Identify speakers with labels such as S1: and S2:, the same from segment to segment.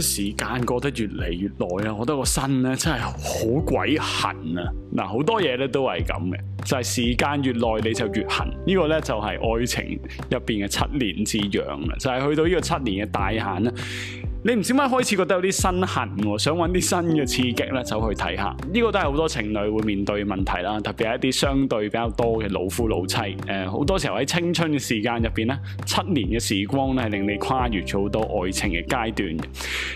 S1: 時間過得越嚟越耐啊，我覺得個身咧真係好鬼痕啊！嗱，好多嘢咧都係咁嘅，就係時間越耐你就越痕，呢個咧就係愛情入邊嘅七年之癢啦，就係去到呢個七年嘅大限啦。你唔知點解開始覺得有啲身痕，想揾啲新嘅刺激咧，走去睇下。呢、這個都係好多情侶會面對嘅問題啦，特別係一啲相對比較多嘅老夫老妻。誒、呃，好多時候喺青春嘅時間入邊咧，七年嘅時光咧係令你跨越咗好多愛情嘅階段。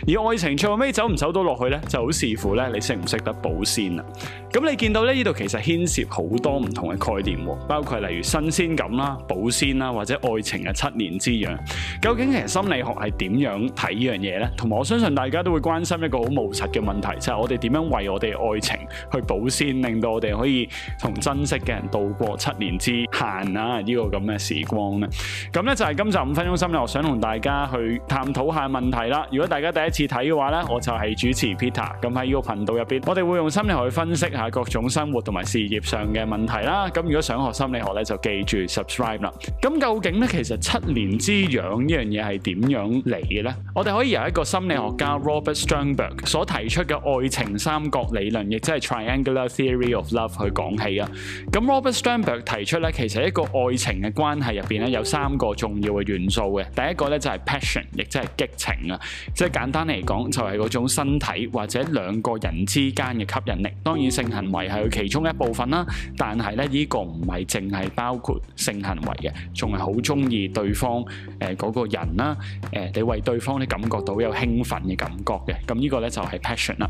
S1: 而愛情最後尾走唔走到落去咧，就好視乎咧你識唔識得保鮮啦。咁你見到咧，呢度其實牽涉好多唔同嘅概念，包括例如新鮮感啦、保鮮啦，或者愛情嘅七年之癢。究竟其實心理學係點樣睇呢樣嘢？同埋，我相信大家都會關心一個好務實嘅問題，就係、是、我哋點樣為我哋愛情。去保鮮，令到我哋可以同珍惜嘅人度過七年之限啊！呢個咁嘅時光咧，咁咧就係今集五分鐘心理學，想同大家去探討下問題啦。如果大家第一次睇嘅話咧，我就係主持 Peter，咁喺呢個頻道入邊，我哋會用心理學去分析下各種生活同埋事業上嘅問題啦。咁如果想學心理學咧，就記住 subscribe 啦。咁究竟咧，其實七年之癢呢樣嘢係點樣嚟嘅咧？我哋可以由一個心理學家 Robert Sternberg 所提出嘅愛情三角理論，亦即係。Triangular theory of love 去講起啊。咁 Robert Sternberg 提出咧，其實一個愛情嘅關係入邊咧有三個重要嘅元素嘅。第一個咧就係 passion，亦即係激情啊，即係簡單嚟講就係嗰種身體或者兩個人之間嘅吸引力。當然性行為係佢其中一部分啦，但係咧呢個唔係淨係包括性行為嘅，仲係好中意對方誒嗰個人啦。誒，你為對方咧感覺到有興奮嘅感覺嘅咁呢個咧就係 passion 啦。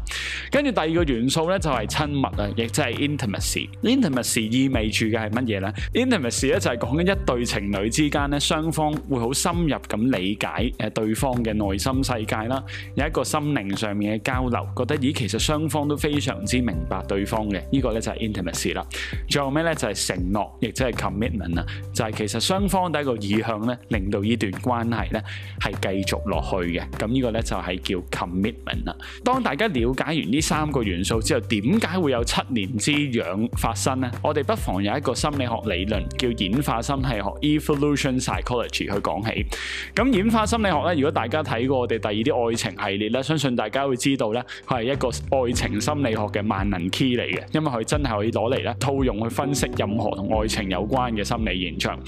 S1: 跟住第二個元素咧就～係親密啊，亦即係 intimacy。intimacy 意味住嘅係乜嘢呢？intimacy 咧就係講緊一對情侶之間咧，雙方會好深入咁理解誒對方嘅內心世界啦，有一個心靈上面嘅交流，覺得咦，其實雙方都非常之明白對方嘅，呢個咧就係 intimacy 啦。最後咩咧就係承諾，亦即係 commitment 啊，就係其實雙方第一個意向咧，令到呢段關係咧係繼續落去嘅。咁呢個咧就係叫 commitment 啦。當大家了解完呢三個元素之後，點解會有七年之癢發生咧？我哋不妨有一個心理學理論叫演化心理學 （evolution psychology） 去講起。咁演化心理學咧，如果大家睇過我哋第二啲愛情系列咧，相信大家會知道咧，佢係一個愛情心理學嘅萬能 key 嚟嘅，因為佢真係可以攞嚟咧套用去分析任何同愛情有關嘅心理現象。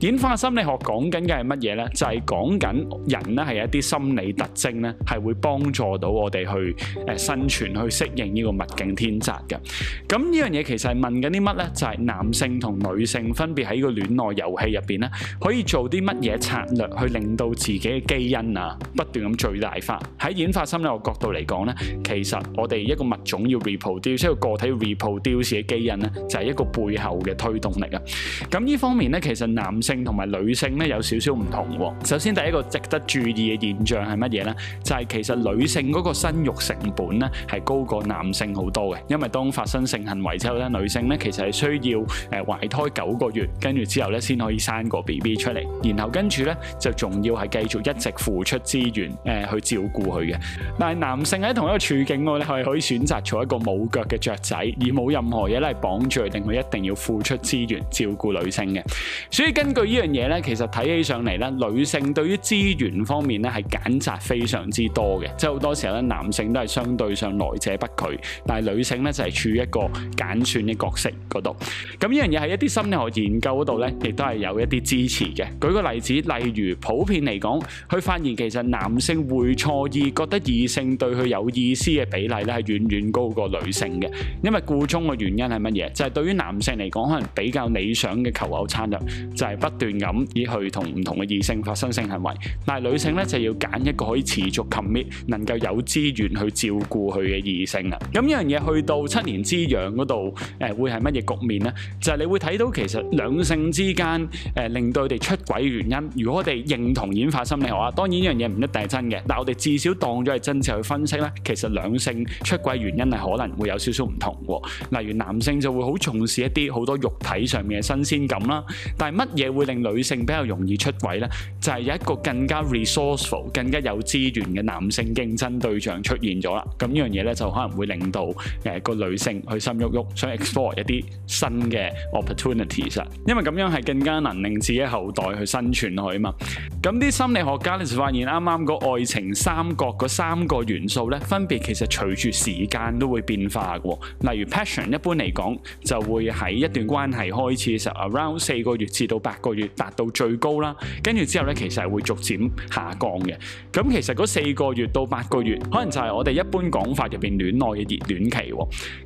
S1: 演化心理學講緊嘅係乜嘢咧？就係講緊人咧係有一啲心理特徵咧，係會幫助到我哋去誒生存、去適應呢個物境。偏窄嘅，咁呢樣嘢，其實係問緊啲乜咧？就係男性同女性分別喺個戀愛遊戲入邊咧，可以做啲乜嘢策略去令到自己嘅基因啊不斷咁最大化？喺演化心理學角度嚟講咧，其實我哋一個物種要 reproduce，一個個體要 reproduce 自己嘅基因咧，就係一個背後嘅推動力啊。咁呢方面咧，其實男性同埋女性咧有少少唔同。首先第一個值得注意嘅現象係乜嘢咧？就係其實女性嗰個生育成本咧係高過男性好多。因為當發生性行為之後咧，女性咧其實係需要誒懷胎九個月，跟住之後咧先可以生個 BB 出嚟，然後跟住咧就仲要係繼續一直付出資源誒去照顧佢嘅。但係男性喺同一個處境咧係可以選擇做一個冇腳嘅雀仔，而冇任何嘢咧係綁住，令佢一定要付出資源照顧女性嘅。所以根據呢樣嘢咧，其實睇起上嚟咧，女性對於資源方面咧係揀擇非常之多嘅，即係好多時候咧男性都係相對上來者不拒，但係女，女性咧就係處於一個揀選嘅角色嗰度，咁呢樣嘢喺一啲心理學研究嗰度咧，亦都係有一啲支持嘅。舉個例子，例如普遍嚟講，佢發現其實男性會錯意覺得異性對佢有意思嘅比例咧係遠遠高過女性嘅，因為個中嘅原因係乜嘢？就係、是、對於男性嚟講，可能比較理想嘅求偶策略就係不斷咁而去同唔同嘅異性發生性行為，但係女性咧就要揀一個可以持續 commit、能夠有資源去照顧佢嘅異性啊。咁呢樣嘢去到七年之癢嗰度，誒會係乜嘢局面呢？就係、是、你會睇到其實兩性之間誒、呃、令到佢哋出軌原因。如果我哋認同演化心理學啊，當然呢樣嘢唔一定係真嘅，但我哋至少當咗係真切去分析咧，其實兩性出軌原因係可能會有少少唔同，例如男性就會好重視一啲好多肉體上面嘅新鮮感啦，但係乜嘢會令女性比較容易出軌呢？就係、是、有一個更加 resourceful、更加有資源嘅男性競爭對象出現咗啦。咁呢樣嘢咧就可能會令到。誒、呃、個女性去心喐喐，想 explore 一啲新嘅 opportunities，啊、因為咁樣係更加能令自己後代去生存去嘛。咁啲心理學家咧就發現，啱啱個愛情三角嗰三個元素咧，分別其實隨住時間都會變化嘅、哦。例如 passion，一般嚟講就會喺一段關係開始嘅時候，around 四個月至到八個月達到最高啦，跟住之後咧其實係會逐漸下降嘅。咁其實嗰四個月到八個月，可能就係我哋一般講法入邊戀愛嘅熱戀期。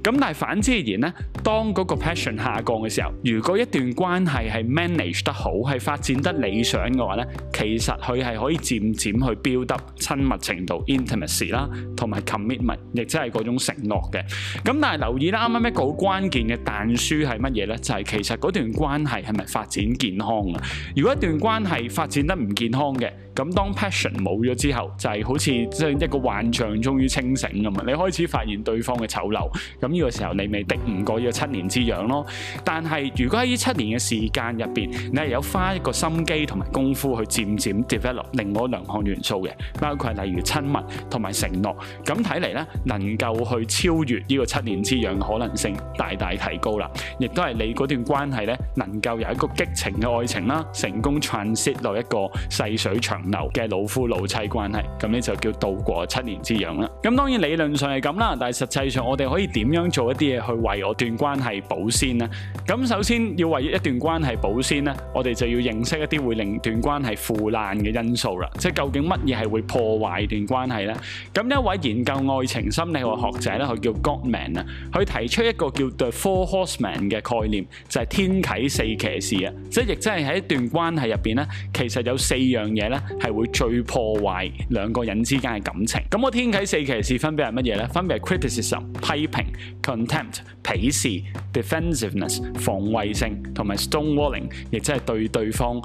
S1: 咁但係反之而言咧，當嗰個 passion 下降嘅時候，如果一段關係係 manage 得好，係發展得理想嘅話咧，其實佢係可以漸漸去 build 得親密程度 intimacy 啦，同埋 commitment，亦即係嗰種承諾嘅。咁但係留意啦，啱啱一個好關鍵嘅但書係乜嘢咧？就係、是、其實嗰段關係係咪發展健康啊？如果一段關係發展得唔健康嘅，咁當 passion 冇咗之後，就係好似即係一個幻象，終於清醒咁。你開始發現對方嘅醜陋，咁呢個時候你咪敵唔過呢個七年之癢咯。但係如果喺呢七年嘅時間入面，你係有花一個心機同埋功夫去漸漸 develop 另外兩項元素嘅，包括例如親密同埋承諾。咁睇嚟咧，能夠去超越呢個七年之癢嘅可能性大大提高啦。亦都係你嗰段關係咧，能夠有一個激情嘅愛情啦，成功 transit 落一個細水長嘅老夫老妻關係，咁呢就叫渡過七年之癢啦。咁當然理論上係咁啦，但係實際上我哋可以點樣做一啲嘢去為我段關係保鮮呢？咁首先要為一段關係保鮮呢，我哋就要認識一啲會令段關係腐爛嘅因素啦。即係究竟乜嘢係會破壞段關係呢？咁一位研究愛情心理學嘅學者咧，佢叫 Gottman 啊，佢提出一個叫 The Four Horsemen 嘅概念，就係天啟四騎士啊。即係亦真係喺一段關係入邊咧，其實有四樣嘢咧。係會最破壞兩個人之間嘅感情。咁我天啟四騎士分別係乜嘢呢？分別係 criticism 批評、contempt 鄙視、defensiveness 防衛性，同埋 stonewalling，亦即係對對方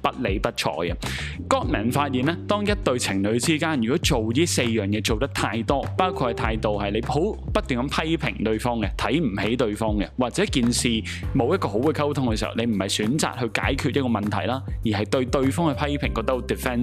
S1: 不理不睬嘅。Gottman 發現呢當一對情侶之間如果做呢四樣嘢做得太多，包括係態度係你好不斷咁批評對方嘅，睇唔起對方嘅，或者一件事冇一個好嘅溝通嘅時候，你唔係選擇去解決一個問題啦，而係對對方嘅批評，覺得好 def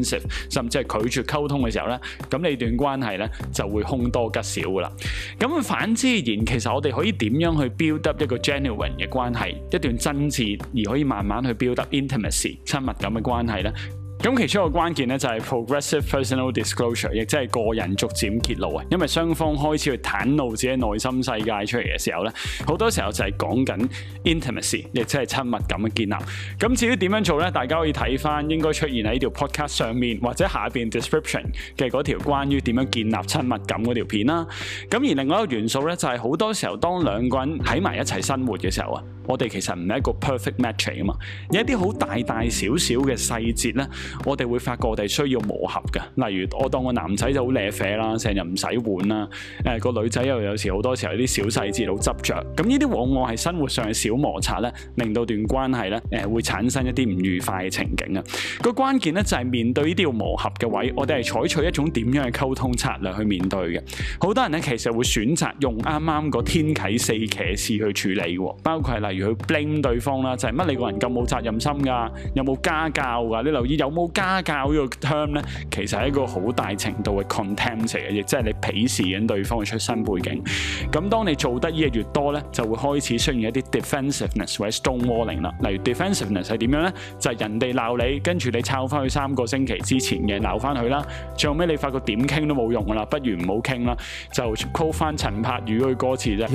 S1: 甚至係拒絕溝通嘅時候咧，咁你段關係咧就會凶多吉少噶啦。咁反之而言，其實我哋可以點樣去 build up 一個 genuine 嘅關係，一段真摯而可以慢慢去 build up intimacy 親密噉嘅關係咧？咁其中一個關鍵咧就係 progressive personal disclosure，亦即係個人逐漸揭露啊。因為雙方開始去袒露自己內心世界出嚟嘅時候咧，好多時候就係講緊 intimacy，亦即係親密感嘅建立。咁至於點樣做咧，大家可以睇返應該出現喺呢條 podcast 上面或者下邊 description 嘅嗰條關於點樣建立親密感嗰條片啦。咁而另外一個元素咧，就係好多時候當兩個人喺埋一齊生活嘅時候啊，我哋其實唔係一個 perfect match 啊嘛，有一啲好大大小小嘅細節咧。我哋會發覺我哋需要磨合嘅，例如我當個男仔就好邋遢啦，成日唔洗碗啦，誒、呃、個女仔又有時好多時候啲小細節好執着。咁呢啲往往係生活上嘅小摩擦咧，令到段關係咧誒會產生一啲唔愉快嘅情景啊。個關鍵咧就係、是、面對呢啲要磨合嘅位，我哋係採取一種點樣嘅溝通策略去面對嘅。好多人咧其實會選擇用啱啱個天啟四騎士去處理嘅，包括係例如去 blame 對方啦，就係、是、乜你個人咁冇責任心㗎，有冇家教㗎？你留意有冇？家教呢個 term 咧，其實係一個好大程度嘅 contempt 嚟嘅，亦即係你鄙視緊對方嘅出身背景。咁當你做得呢嘢越多咧，就會開始出現一啲 defensiveness 或者 stonewalling 啦。例如 defensiveness 係點樣咧？就係、是、人哋鬧你，跟住你抄翻去三個星期之前嘅鬧翻佢啦。最後尾你發覺點傾都冇用噶啦，不如唔好傾啦，就 call 翻陳柏宇嘅歌詞啫。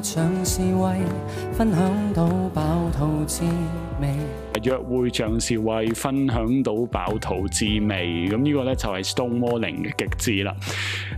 S1: 像是分享到飽約會像是為分享到飽肚滋味，咁呢個呢就係 stonewalling 嘅極致啦。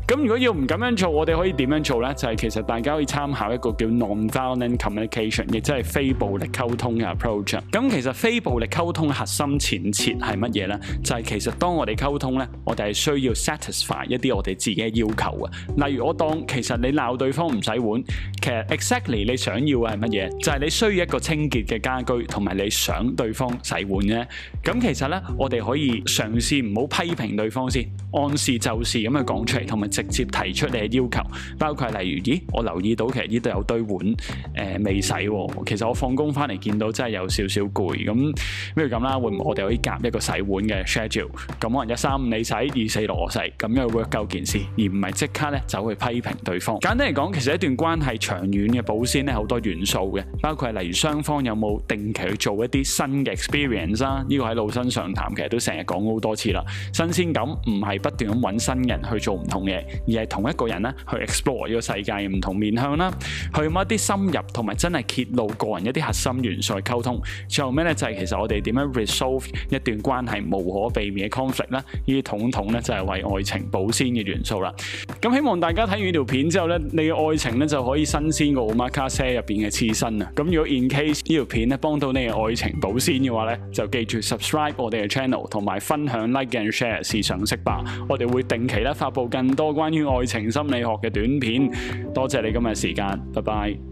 S1: 咁如果要唔咁樣做，我哋可以點樣做呢？就係、是、其實大家可以參考一個叫 Nonviolent Communication，亦即係非暴力溝通嘅 approach。咁其實非暴力溝通核心前設係乜嘢呢？就係、是、其實當我哋溝通呢，我哋係需要 satisfy 一啲我哋自己嘅要求啊。例如我當其實你鬧對方唔洗碗，其實 exactly 你想要嘅係乜嘢？就係、是、你需要一個清潔嘅家居，同埋你。想對方洗碗咧，咁其實呢，我哋可以嘗試唔好批評對方先，按事就事咁去講出嚟，同埋直接提出你嘅要求，包括例如，咦，我留意到其實呢度有堆碗誒、呃、未洗喎、哦，其實我放工翻嚟見到真係有少少攰，咁不如咁啦，會唔會我哋可以夾一個洗碗嘅 schedule，咁可能一三五你洗，二四六我洗，咁樣 work 夠件事，而唔係即刻咧走去批評對方。簡單嚟講，其實一段關係長遠嘅保鮮呢，好多元素嘅，包括係例如雙方有冇定期去做一啲新嘅 experience 啦，呢個喺老生常談，其實都成日講好多次啦。新鮮感唔係不斷咁揾新人去做唔同嘢，而係同一個人咧去 explore 呢個世界嘅唔同面向啦，去用一啲深入同埋真係揭露個人一啲核心元素去溝通。最後咩咧就係其實我哋點樣 resolve 一段關係無可避免嘅 conflict 啦，呢啲統統咧就係為愛情保鮮嘅元素啦。咁希望大家睇完呢條片之後咧，你嘅愛情咧就可以新鮮過 omakase 入邊嘅刺身啊！咁如果 in case 呢條片咧幫到你嘅愛，愛情保鮮嘅話咧，就記住 subscribe 我哋嘅 channel，同埋分享 like and share 是常識吧。我哋會定期咧發布更多關於愛情心理學嘅短片。多謝你今日時間，拜拜。